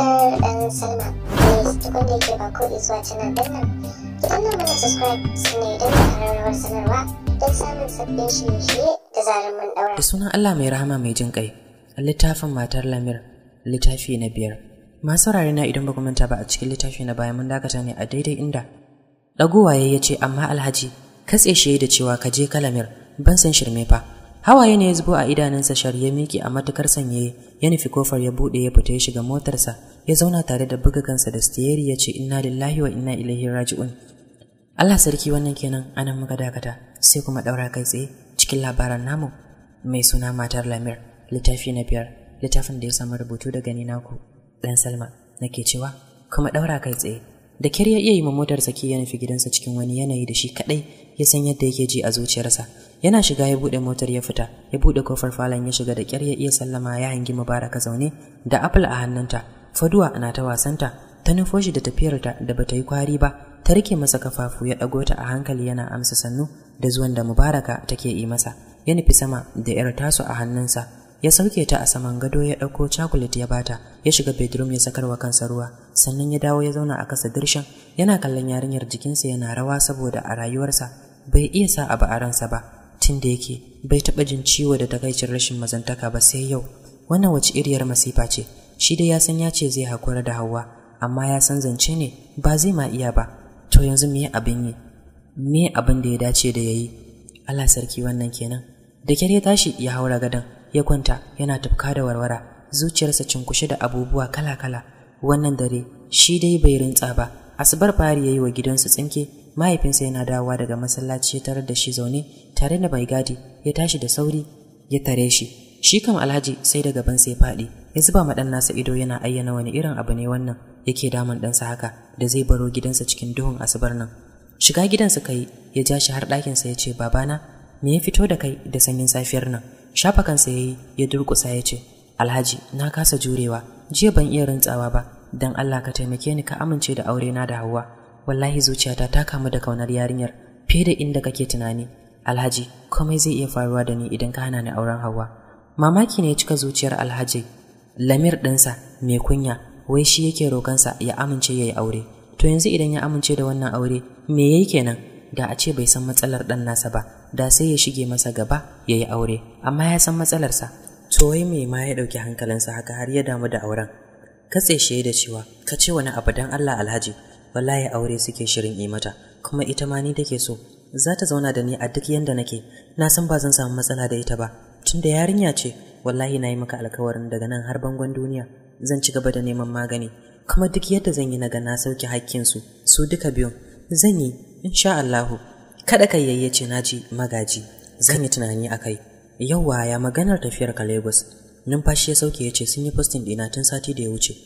ta salma zuwa subscribe don da sunan allah mai rahama mai jin ƙai littafin matar lamir littafi na biyar masu na idan ba manta ba a cikin littafi na baya mun dakata ne a daidai inda ɗagowa ya ce amma alhaji katse shi da cewa ka je kalamir ban san shirme fa hawaye ne ya zubo a idanunsa shar ya miƙe a matukar sanye, ya nufi kofar ya buɗe ya fita ya shiga motarsa ya zauna tare da buga kansa da stiyeri ya ce inna lillahi wa inna ilaihi raji'un Allah sarki wannan kenan anan muka dakata sai kuma ɗaura kai tsaye cikin labaran namu mai suna matar lamir littafi na biyar littafin da ya samu rubutu daga ni naku ɗan salma nake cewa kuma ɗaura kai tsaye da kyar ya iya yi ma motar ke ya nufi gidansa cikin wani yanayi da shi kadai ya san yadda yake ji a zuciyarsa yana shiga ya bude motar ya fita ya bude kofar falon ya shiga da kyar ya iya sallama ya hangi mubaraka zaune da apple a hannunta faduwa na ta wasanta ta nufo shi da tafiyarta da bata yi kwari ba ta rike masa kafafu ya dago ta a hankali yana amsa sannu da zuwan da mubaraka take yi masa ya nufi sama da 'yar tasu a hannunsa ya sauke ta a saman gado ya ɗauko cakulet ya bata ya shiga bedroom ya sakarwa kansa ruwa sannan ya dawo ya zauna a kasa dirshan yana kallon yarinyar jikinsa yana rawa saboda a rayuwarsa bai iya sa abu a ransa ba tun da yake bai taɓa jin ciwo da takaicin rashin mazantaka ba sai yau wannan wace iriyar masifa ce shi dai ya san ya ce zai haƙura da hawa amma ya san zance ne ba zai ma iya ba to yanzu me abin yi me abin da ya dace da ya yi Allah sarki wannan kenan da kyar ya tashi ya haura gadon ya kwanta yana tafka da warwara zuciyarsa cinkushe da abubuwa kala-kala wannan dare shi dai bai rintsa ba asabar fari ya yi wa gidansu tsinke mahaifinsa yana dawowa daga masallaci ya tarar da shi zaune tare da mai gadi ya tashi da sauri ya tare shi shi kan alhaji sai da gaban sai faɗi ya zuba ma ɗan nasa ido yana ayyana wani irin abu ne wannan yake damun ɗansa haka da zai baro gidansa cikin duhun asibar nan shiga gidansa kai ya ja shi har ɗakinsa ya ce babana me ya fito da kai da sanyin safiyar nan shafa kansa ya yi ya durƙusa ya ce alhaji na kasa jurewa jiya ban iya rantsawa ba Don Allah ka taimake ni ka amince da aure na da Hauwa wallahi zuciyata ta kamu da kaunar yarinyar fiye da inda kake tunani alhaji komai zai iya faruwa da ni idan ka hana ni auren Hauwa mamaki ne ya cika zuciyar alhaji lamir ɗinsa mai kunya wai shi yake roƙonsa ya amince ya yi aure to yanzu idan ya amince da wannan aure me yayi kenan da a ce bai san matsalar ɗan nasa ba da sai ya shige masa gaba ya yi aure amma ya san matsalarsa to wai mai ma ya ɗauki hankalinsa haka har ya damu da auren katse shi da cewa ka ce wani abu dan Allah alhaji wallahi aure suke shirin yi mata kuma ita ma ni take so za ta zauna da ni a duk yanda nake na san ba zan samu matsala da ita ba tunda yarinya ce wallahi na yi maka alkawarin daga nan har bangon duniya zan ci gaba da neman magani kuma duk yadda zan yi na ga na sauke hakkinsu su duka biyun zan yi insha Allahu kada ka yayyace naji magaji zan yi tunani akai yauwa ya maganar tafiyar ka Lagos numfashi ya sauke yace sun yi posting dina tun sati da ya wuce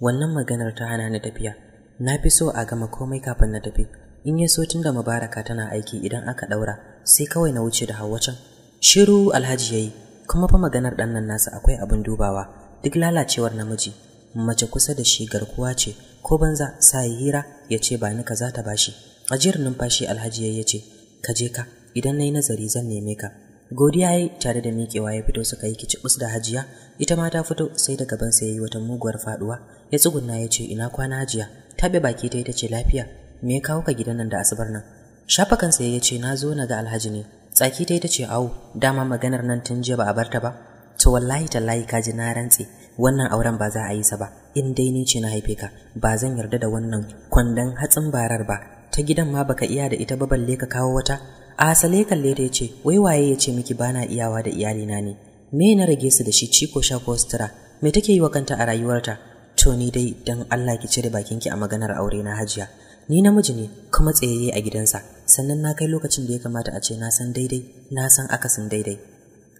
wannan maganar ta hana ni tafiya na fi so a gama komai kafin na tafi in ya so tun da mubaraka tana aiki idan aka daura, sai kawai na wuce da Hauwa can shiru alhaji ya kuma fa maganar ɗannan nan nasa akwai abin dubawa duk lalacewar namiji mace kusa da shi garkuwa ce ko banza sa hira ya ce ba ni kaza ta bashi ajiyar numfashi alhaji ya ce ka je ka idan na yi nazari zan neme ka godiya ya tare da miƙewa ya fito suka yi kicibus da hajiya ita ma ta fito sai da gaban sa ya yi wata muguwar faduwa ya tsugunna ya ce ina kwana hajiya taɓe baki ta ita ce lafiya me ya kawo ka gidan nan da asibar nan shafa kansa ya ce na zo na ga alhaji ne tsaki ta ita ce awo dama maganar nan tun jiya ba a barta ba to wallahi tallahi ka ji na rantse wannan auren ba za a yi sa ba in dai ni ce na haife ka ba zan yarda da wannan kwandon hatsin barar ba ta gidan ma baka iya da ita ba balle ka kawo wata a asale kalle ta yace wai waye yace miki bana iyawa da iyalina ne me na rage su da shi ciko sha ko sutura me take yi wa kanta a rayuwarta to ni dai dan Allah ki cire bakin ki a maganar aure na hajiya ni namiji ne kuma tsayayye a gidansa sannan na kai lokacin da ya kamata a ce na san daidai na san akasin daidai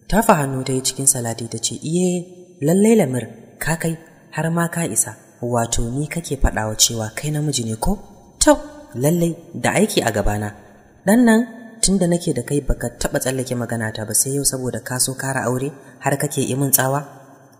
ta fa hannu ta yi cikin salati ta ce iye lallai lamir ka kai har ma ka isa wato ni kake faɗawa cewa kai namiji ne ko tau lallai da aiki a gabana dan nan tunda da nake da kai baka taɓa tsallake magana ta ba sai yau saboda ka so kara aure har kake yi min tsawa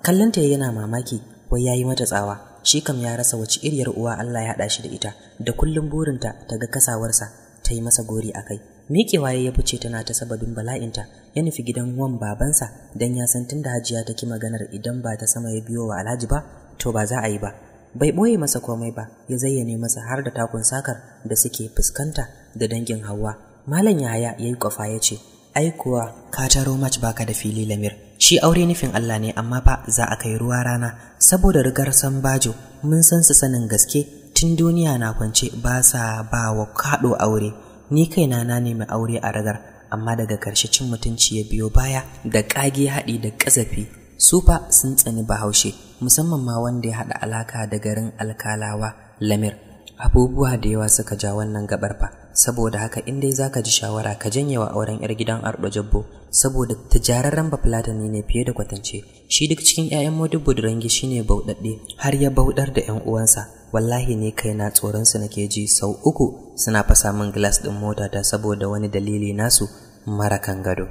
kallonta yana mamaki wai yayi mata tsawa shi kam ya rasa wace iriyar uwa Allah ya haɗa shi da ita da kullum burinta ta ga kasawarsa ta yi masa gori a kai miƙewa ya fice tana ta sababin bala'inta ya nufi gidan wan babansa dan ya san tunda hajiya ta maganar idan ba ta sama ya biyo wa alhaji ba to ba za a yi ba bai ɓoye masa komai ba ya zayyane masa har da takun sakar da suke fuskanta da dangin hawa malam yahaya ya yi kwafa ya ce ai kuwa ka taro mac baka da fili lamir shi aure nufin allah ne amma ba za a kai ruwa rana saboda rigar san bajo mun san su sanin gaske tun duniya na kwance ba sa ba wa kaɗo aure ni kaina na nemi aure a ragar amma daga ƙarshe cin mutunci ya biyo baya da ƙage haɗi da ƙazafi su sun tsani bahaushe musamman ma wanda ya haɗa alaka da garin alkalawa lamir abubuwa da yawa suka ja wannan gabar fa saboda haka in dai zaka ji shawara ka janye wa auren yar gidan Ardo jabbo saboda tijararren bafulatani ne fiye da kwatance shi duk cikin 'ya'yan modibbo budurangi shine bauɗaɗɗe har ya bauɗar da 'yan uwansa wallahi ne kai na tsoron su nake ji sau uku suna fasa min glass ɗin motata saboda wani dalili nasu mara kan gado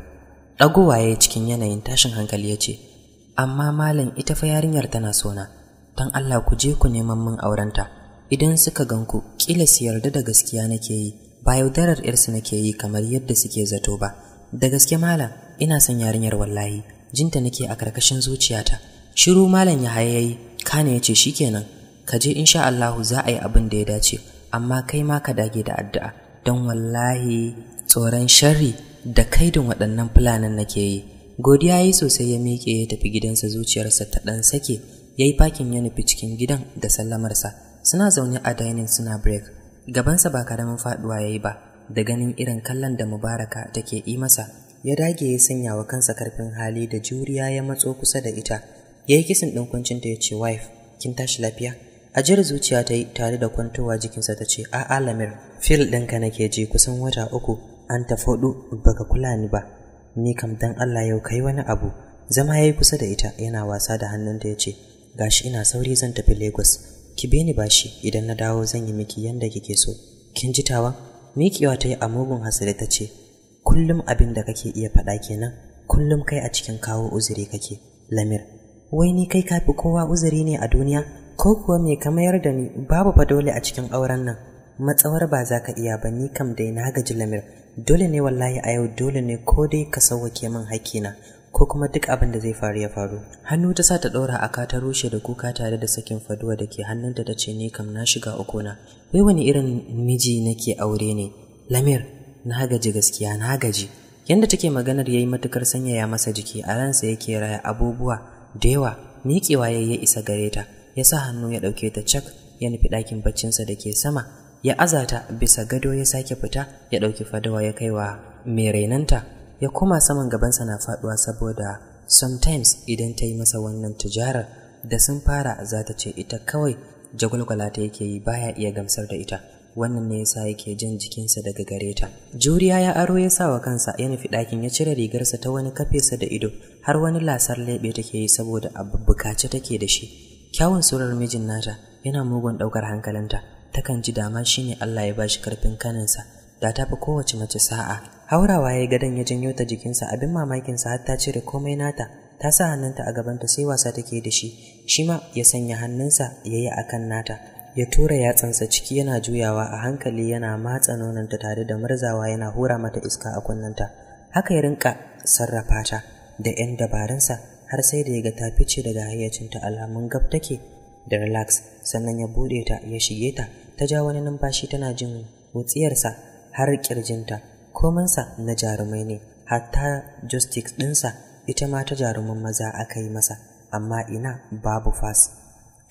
ɗagowa ya cikin yanayin tashin hankali ya ce amma malam ita fa yarinyar tana sona don Allah ku je ku neman min aurenta idan suka ganku kila su yarda da gaskiya nake yi ba yaudarar irsu nake yi kamar yadda suke zato ba da gaske malam ina son yarinyar wallahi jinta nake a karkashin zuciyata shiru malam ya hayayi kane ya ce shikenan ka je insha Allahu za a yi abin da ya dace amma kai ma ka dage da addu'a don wallahi tsoron sharri da kaidin waɗannan fulanin nake yi godiya ya yi sosai ya miƙe ya tafi gidansa zuciyarsa ta ɗan sake ya yi fakin ya nufi cikin gidan da sallamarsa suna zaune a dainin suna break gabansa ba karamin faɗuwa ya yi ba da ganin irin kallon da mubaraka take yi masa ya dage ya sanya wa kansa karfin hali da juriya ya matso kusa da ita ya yi kisin ɗin kwancinta ya ce wife kin tashi lafiya A ajiyar zuciya ta yi tare da kwantowa jikinsa ta ce a'a lamir fil ɗinka nake je kusan wata uku an tafi hudu baka kula ni ba ni kam dan Allah yau kai wani abu zama yayi kusa da ita yana wasa da hannunta yace gashi ina sauri zan tafi Lagos ki be ni bashi idan na dawo zan yi miki yanda kike so kin ji tawa mikiwa ta yi a mugun hasali ta ce kullum abin da kake iya faɗa kenan kullum kai a cikin kawo uzuri kake lamir wai ni kai kafi kowa uzuri ne a duniya ko kuwa me ka mayar da ni babu fa dole a cikin auren nan matsawar ba za ka iya ba ni kam dai na gaji lamir dole ne wallahi a yau dole ne ko dai ka sauwake min hakina ko kuma duk abin da zai faru ya faru hannu ta sa ta ɗora a ka ta rushe da kuka tare da sakin faduwa da ke hannunta ta ce ni kam na shiga uku na wai wani irin miji nake aure ne lamir na gaji gaskiya na gaji yanda take maganar yayi matukar sanyaya masa jiki a ransa yake raya abubuwa da yawa miƙewa yayi ya isa gare ta ya sa hannu ya ɗauke ta cak ya nufi ɗakin baccinsa da ke sama ya azata bisa gado ya sake fita ya ɗauki fadawa ya kaiwa mai rainanta ya koma saman gabansa na faduwa, saboda sometimes idan ta yi masa wannan tijarar da sun fara za ta ce ita kawai jagwalgwala ta yake yi baya iya gamsar da ita wannan ne yasa yake jin jikinsa daga gareta. juriya ya aro ya sa wa kansa ya nufi ɗakin ya cire rigarsa ta wani kafesa da ido har wani lasar leɓe take yi saboda abu take da shi kyawun surar mijin nata yana mugun ɗaukar hankalinta takan ji dama shine Allah ya bashi karfin kaninsa da tafi kowace mace sa'a haurawa ya yi gadon ya janyo ta jikinsa abin mamakinsa har ta cire komai nata ta sa hannunta a gabanta sai wasa take da shi shi ma ya sanya hannunsa ya yi a kan nata ya tura yatsansa ciki yana juyawa a hankali yana matsa nononta tare da murzawa yana hura mata iska a kunnanta haka ya rinka sarrafa ta da 'yan dabarunsa har sai da ya ga ta fice daga hayyacinta alamun gab take da relax sannan ya buɗe ta ya shige ta ta ja wani numfashi tana jin wutsiyarsa har kirjinta komansa na jarumai ne hatta ta ɗinsa ita ma ta jaruman maza aka yi masa amma ina babu fas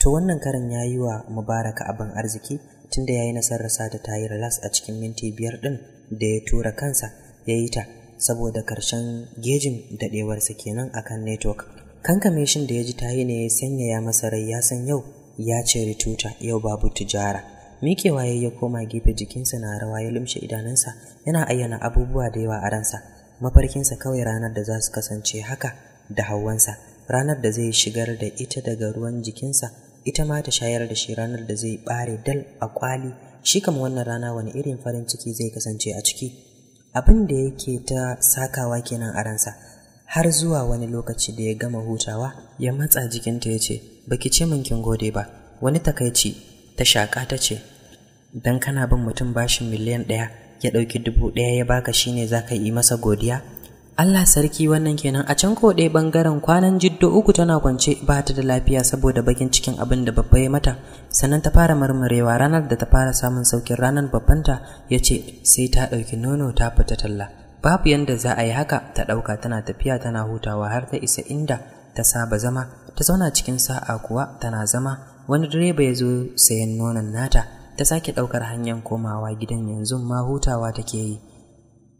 to wannan karin ya yi wa mubaraka abin arziki tunda ya yi nasarar sa ta yi relax a cikin minti biyar ɗin da ya tura kansa ya yi ta saboda karshen gejin daɗewarsa kenan kan network kankame shin da ya ji yi ne ya sanyaya masa rai ya san yau ya ce rituta yau babu tijara Mikewa ya ya koma gefe jikinsa na rawa ya lumshe idanunsa yana ayyana abubuwa da yawa a ransa mafarkinsa kawai ranar da za su kasance haka da hauwansa, ranar da zai shigar da ita daga ruwan jikinsa ita ma ta shayar da shi ranar da zai bare dal a kwali shi kama wannan rana wani irin farin ciki zai kasance a ciki abin da yake ta sakawa kenan a ransa har zuwa wani lokaci da ya gama hutawa ya matsa jikinta ya ce baki ce min kin gode ba wani takaici ta shaƙa ta ce don kana bin mutum bashin miliyan ɗaya ya ɗauki dubu ɗaya ya baka shine za ka yi masa godiya Allah sarki wannan kenan a can ko ɗaya ɓangaren kwanan jiddo uku tana kwance ba ta da lafiya saboda bakin cikin abin da babba ya mata sannan ta fara marmarewa ranar da ta fara samun saukin ranar babbanta ya ce sai ta ɗauki nono ta fita talla babu yanda za a yi haka ta ɗauka tana tafiya tana hutawa har ta isa inda ta saba zama ta zauna cikin sa'a kuwa tana zama wani direba ya zo sayan nonon nata ta sake ɗaukar hanyar komawa gidan yanzu ma hutawa take yi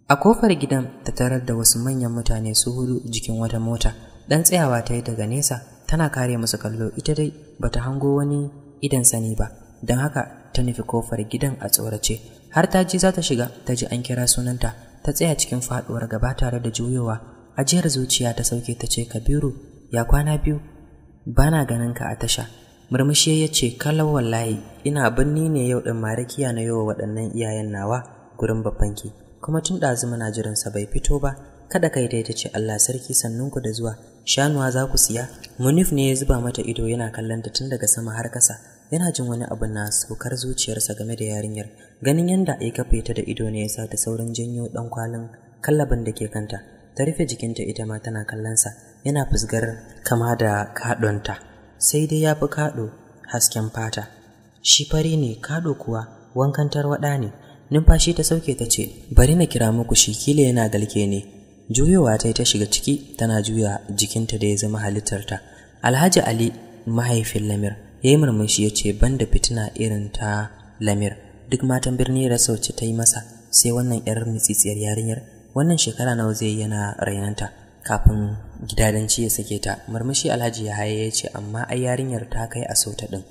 a kofar gidan ta tarar da wasu manyan mutane su hudu jikin wata mota Ɗan tsayawa ta yi daga nesa tana kare musu kallo ita dai ba ta hango wani idan sani ba don haka ta nufi kofar gidan a tsorace har ta ji za ta shiga ta ji an kira sunanta ta tsaya cikin faɗuwar gaba tare da juyowa ajiyar zuciya ta sauke ta ce kabiru ya kwana biyu bana ganin ka a tasha murmushi ya ce kalau wallahi ina birni ne yau ɗin marakiya na yau waɗannan iyayen nawa gurin ki. kuma tun ɗazu muna jiransa bai fito ba kada kai dai ta ce Allah sarki sannunku da zuwa shanuwa za ku siya munif ne ya zuba mata ido yana kallon ta tun daga sama har ƙasa yana jin wani abu na saukar zuciyarsa game da yarinyar ganin yanda ai ka fita da ido ne ya sa ta saurin janyo ɗan kwalin kallabin da ke kanta ta rufe jikinta ita ma tana kallonsa yana fusgar kama da kaɗonta sai dai ya fi kaɗo hasken fata shi fari ne kaɗo kuwa wankan tarwaɗa ne numfashi ta sauke ta ce bari na kira muku shi kila yana galke ne juyowa ta ta shiga ciki tana juya jikinta da ya zama halittarta alhaji ali mahaifin lamir ya yi murmushi ya ce ban da fitina irin ta lamir duk matan birni da sauce ta yi masa sai wannan yar mitsitsiyar yarinyar wannan shekara nawa zai yana rainanta kafin gidadanci ya sake ta murmushi alhaji ya haye ya ce amma ai yarinyar ta kai a sauta ɗin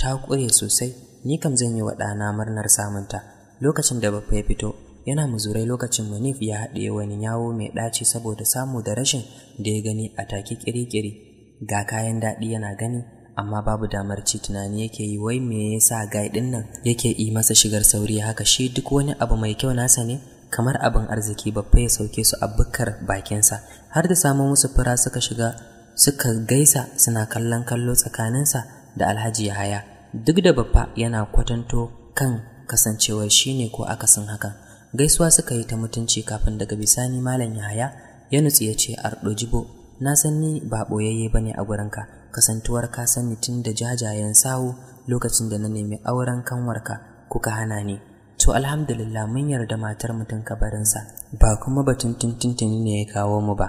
ta ƙure sosai ni kam zan yi wa ɗana murnar samunta lokacin da bafa ya fito yana muzurai lokacin munif ya haɗe wani yawo mai ɗaci saboda samu da rashin da ya gani a take kirikiri ga kayan daɗi yana gani amma babu damar ci tunani yake yi wai me yasa gai ɗin nan yake yi masa shigar sauri haka shi duk wani abu mai kyau nasa ne kamar abin arziki babba ya sauke su a bukkar bakinsa har da samun musu fura suka shiga suka gaisa suna kallon kallo tsakaninsa da alhaji yahaya duk da babba yana kwatanto kan kasancewar ne ko akasin hakan gaisuwa suka yi ta mutunci kafin daga bisani malam yahaya ya nutsi ya ce arɗo jibo na san ni ba ɓoyayye ba ne a gurinka kasantuwar ka sani tun da jajayen sawu lokacin da na nemi auren kanwarka kuka hana ni to alhamdulillah mun yarda matar mutum kabarinsa ba kuma batun tintintini ne ya kawo mu ba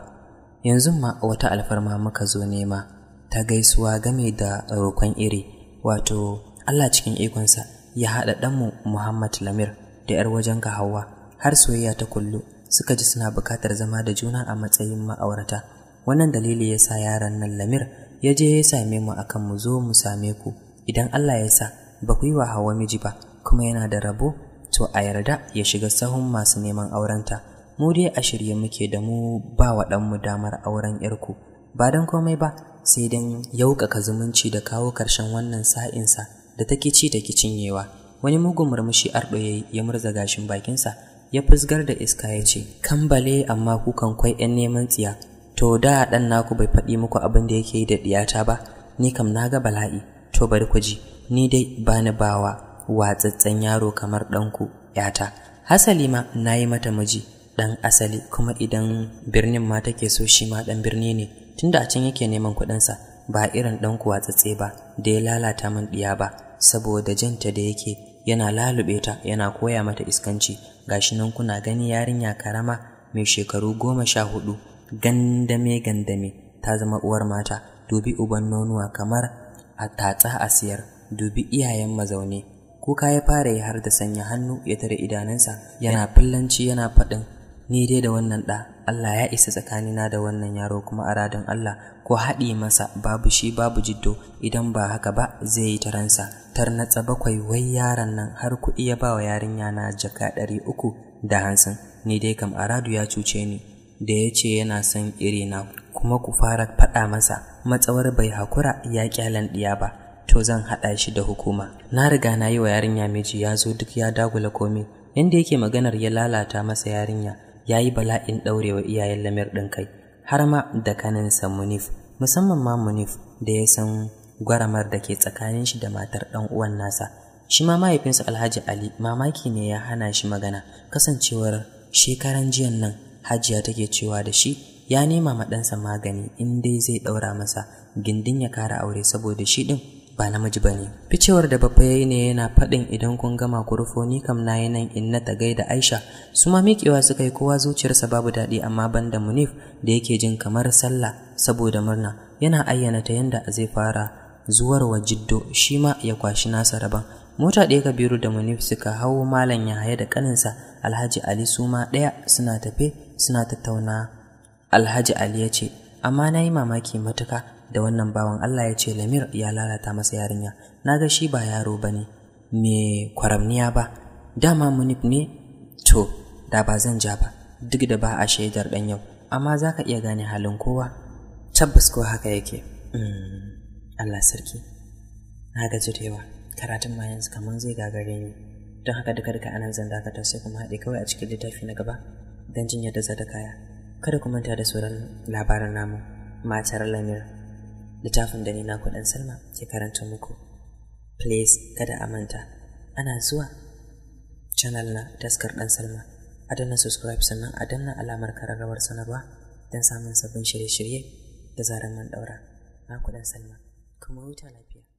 yanzu ma wata alfarma muka zo nema ta gaisuwa game da roƙon iri wato Allah cikin ikonsa ya haɗa ɗanmu Muhammad Lamir da 'yar wajen ka Hauwa har soyayya ta kullu suka ji suna buƙatar zama da juna a matsayin ma'aurata wannan dalili ya sa yaran nan Lamir ya je ya same mu akan mu zo mu same ku idan Allah ya sa ba ku yi wa hawa miji ba kuma yana da rabo to a yarda ya shiga sahun masu neman aurenta mu dai a shirye muke da mu ba wa ɗanmu damar auren 'yarku ba don komai ba sai don yauƙaƙa zumunci da kawo ƙarshen wannan sa'insa da take ci take cinyewa wani mugun murmushi arɗo ya murza gashin bakinsa ya fusgar da iska ya ce kambale amma kukan kwai 'yan neman tsiya to da ɗan naku bai faɗi muku abin da yake yi da ɗiyata ba ni kam na ga bala'i to bari ku ji ni dai bani bawa Watsatsan yaro kamar ɗanku ‘yata hasali ma na yi mata miji ɗan asali kuma idan birnin ma take so shi ma ɗan birni ne tunda a can yake neman kuɗinsa ba irin ɗanku watsatse ba da ya lalata min ɗiya ba saboda janta da yake yana lalube ta yana koya mata iskanci gashi nan kuna gani yarinya karama mai shekaru goma sha hudu gandame gandame ta zama uwar mata dubi uban nonuwa kamar a tatsa a siyar dubi iyayen mazaune kuka ya fara yi har da sanya hannu ya tare idanunsa yana fillanci yana faɗin ni dai da wannan ɗa Allah ya isa tsakanina da wannan yaro kuma aradin Allah ko haɗi masa babu shi babu jiddo idan ba haka ba zai yi taransa tarnatsa bakwai wai yaron nan har kuɗi ya ba wa yarinya na jaka ɗari uku da hansin ni dai kam aradu ya cuce ni da ya ce yana son irina kuma ku fara faɗa masa matsawar bai hakura ya ƙyalan ɗiya ba to zan haɗa shi da hukuma na riga na yi wa yarinya miji ya zo duk ya dagula komai inda yake maganar ya lalata masa yarinya ya yi bala'in ɗaurewa iyayen lamir ɗin kai har ma da kaninsa munif musamman ma munif da ya san gwaramar da ke tsakanin shi da matar ɗan uwan nasa shi ma mahaifinsa alhaji ali mamaki ne ya hana shi magana kasancewar shekaran jiyan nan hajiya take cewa da shi ya nema ma ɗansa magani in dai zai ɗaura masa gindin ya kara aure saboda shi ɗin ba namiji ba ne ficewar da babba ya yi ne yana faɗin idan kun gama ku rufo ni kam na nan in na ta gaida aisha su ma miƙewa suka yi kowa zuciyarsa babu daɗi amma banda munif da yake jin kamar sallah saboda murna yana ayyana ta yanda zai fara zuwar wa jiddo shi ma ya kwashi nasa rabon mota ɗaya kabiru da munif suka hau malam yahaya da kaninsa alhaji ali su ma ɗaya suna tafe suna tattauna alhaji ali ya ce amma na yi mamaki matuka da wannan bawan Allah ya ce Lamir ya lalata masa yarinya na ga shi ba yaro ba ne me kwaramniya ba dama munif ne to da ba zan ja ba duk da ba a shaidar dan yau amma za ka iya gane halin kowa tabbas ko haka yake hmm, Allah sarki na ga jirewa karatun ma yanzu kamar zai gagare ni don haka duka duka anan zan dakatar sai kuma haɗe kawai a cikin littafi na gaba don jin yadda za kaya kada ku manta da sauran labarin namu matar lamir littafin da ni na kuɗin salma ke karanta muku please kada a manta ana zuwa channel na taskar ɗan salma a danna subscribe sannan a danna alamar kararrawar sanarwa don samun sabbin shirye-shirye da zaren man ɗaura na kuɗin salma kuma huta lafiya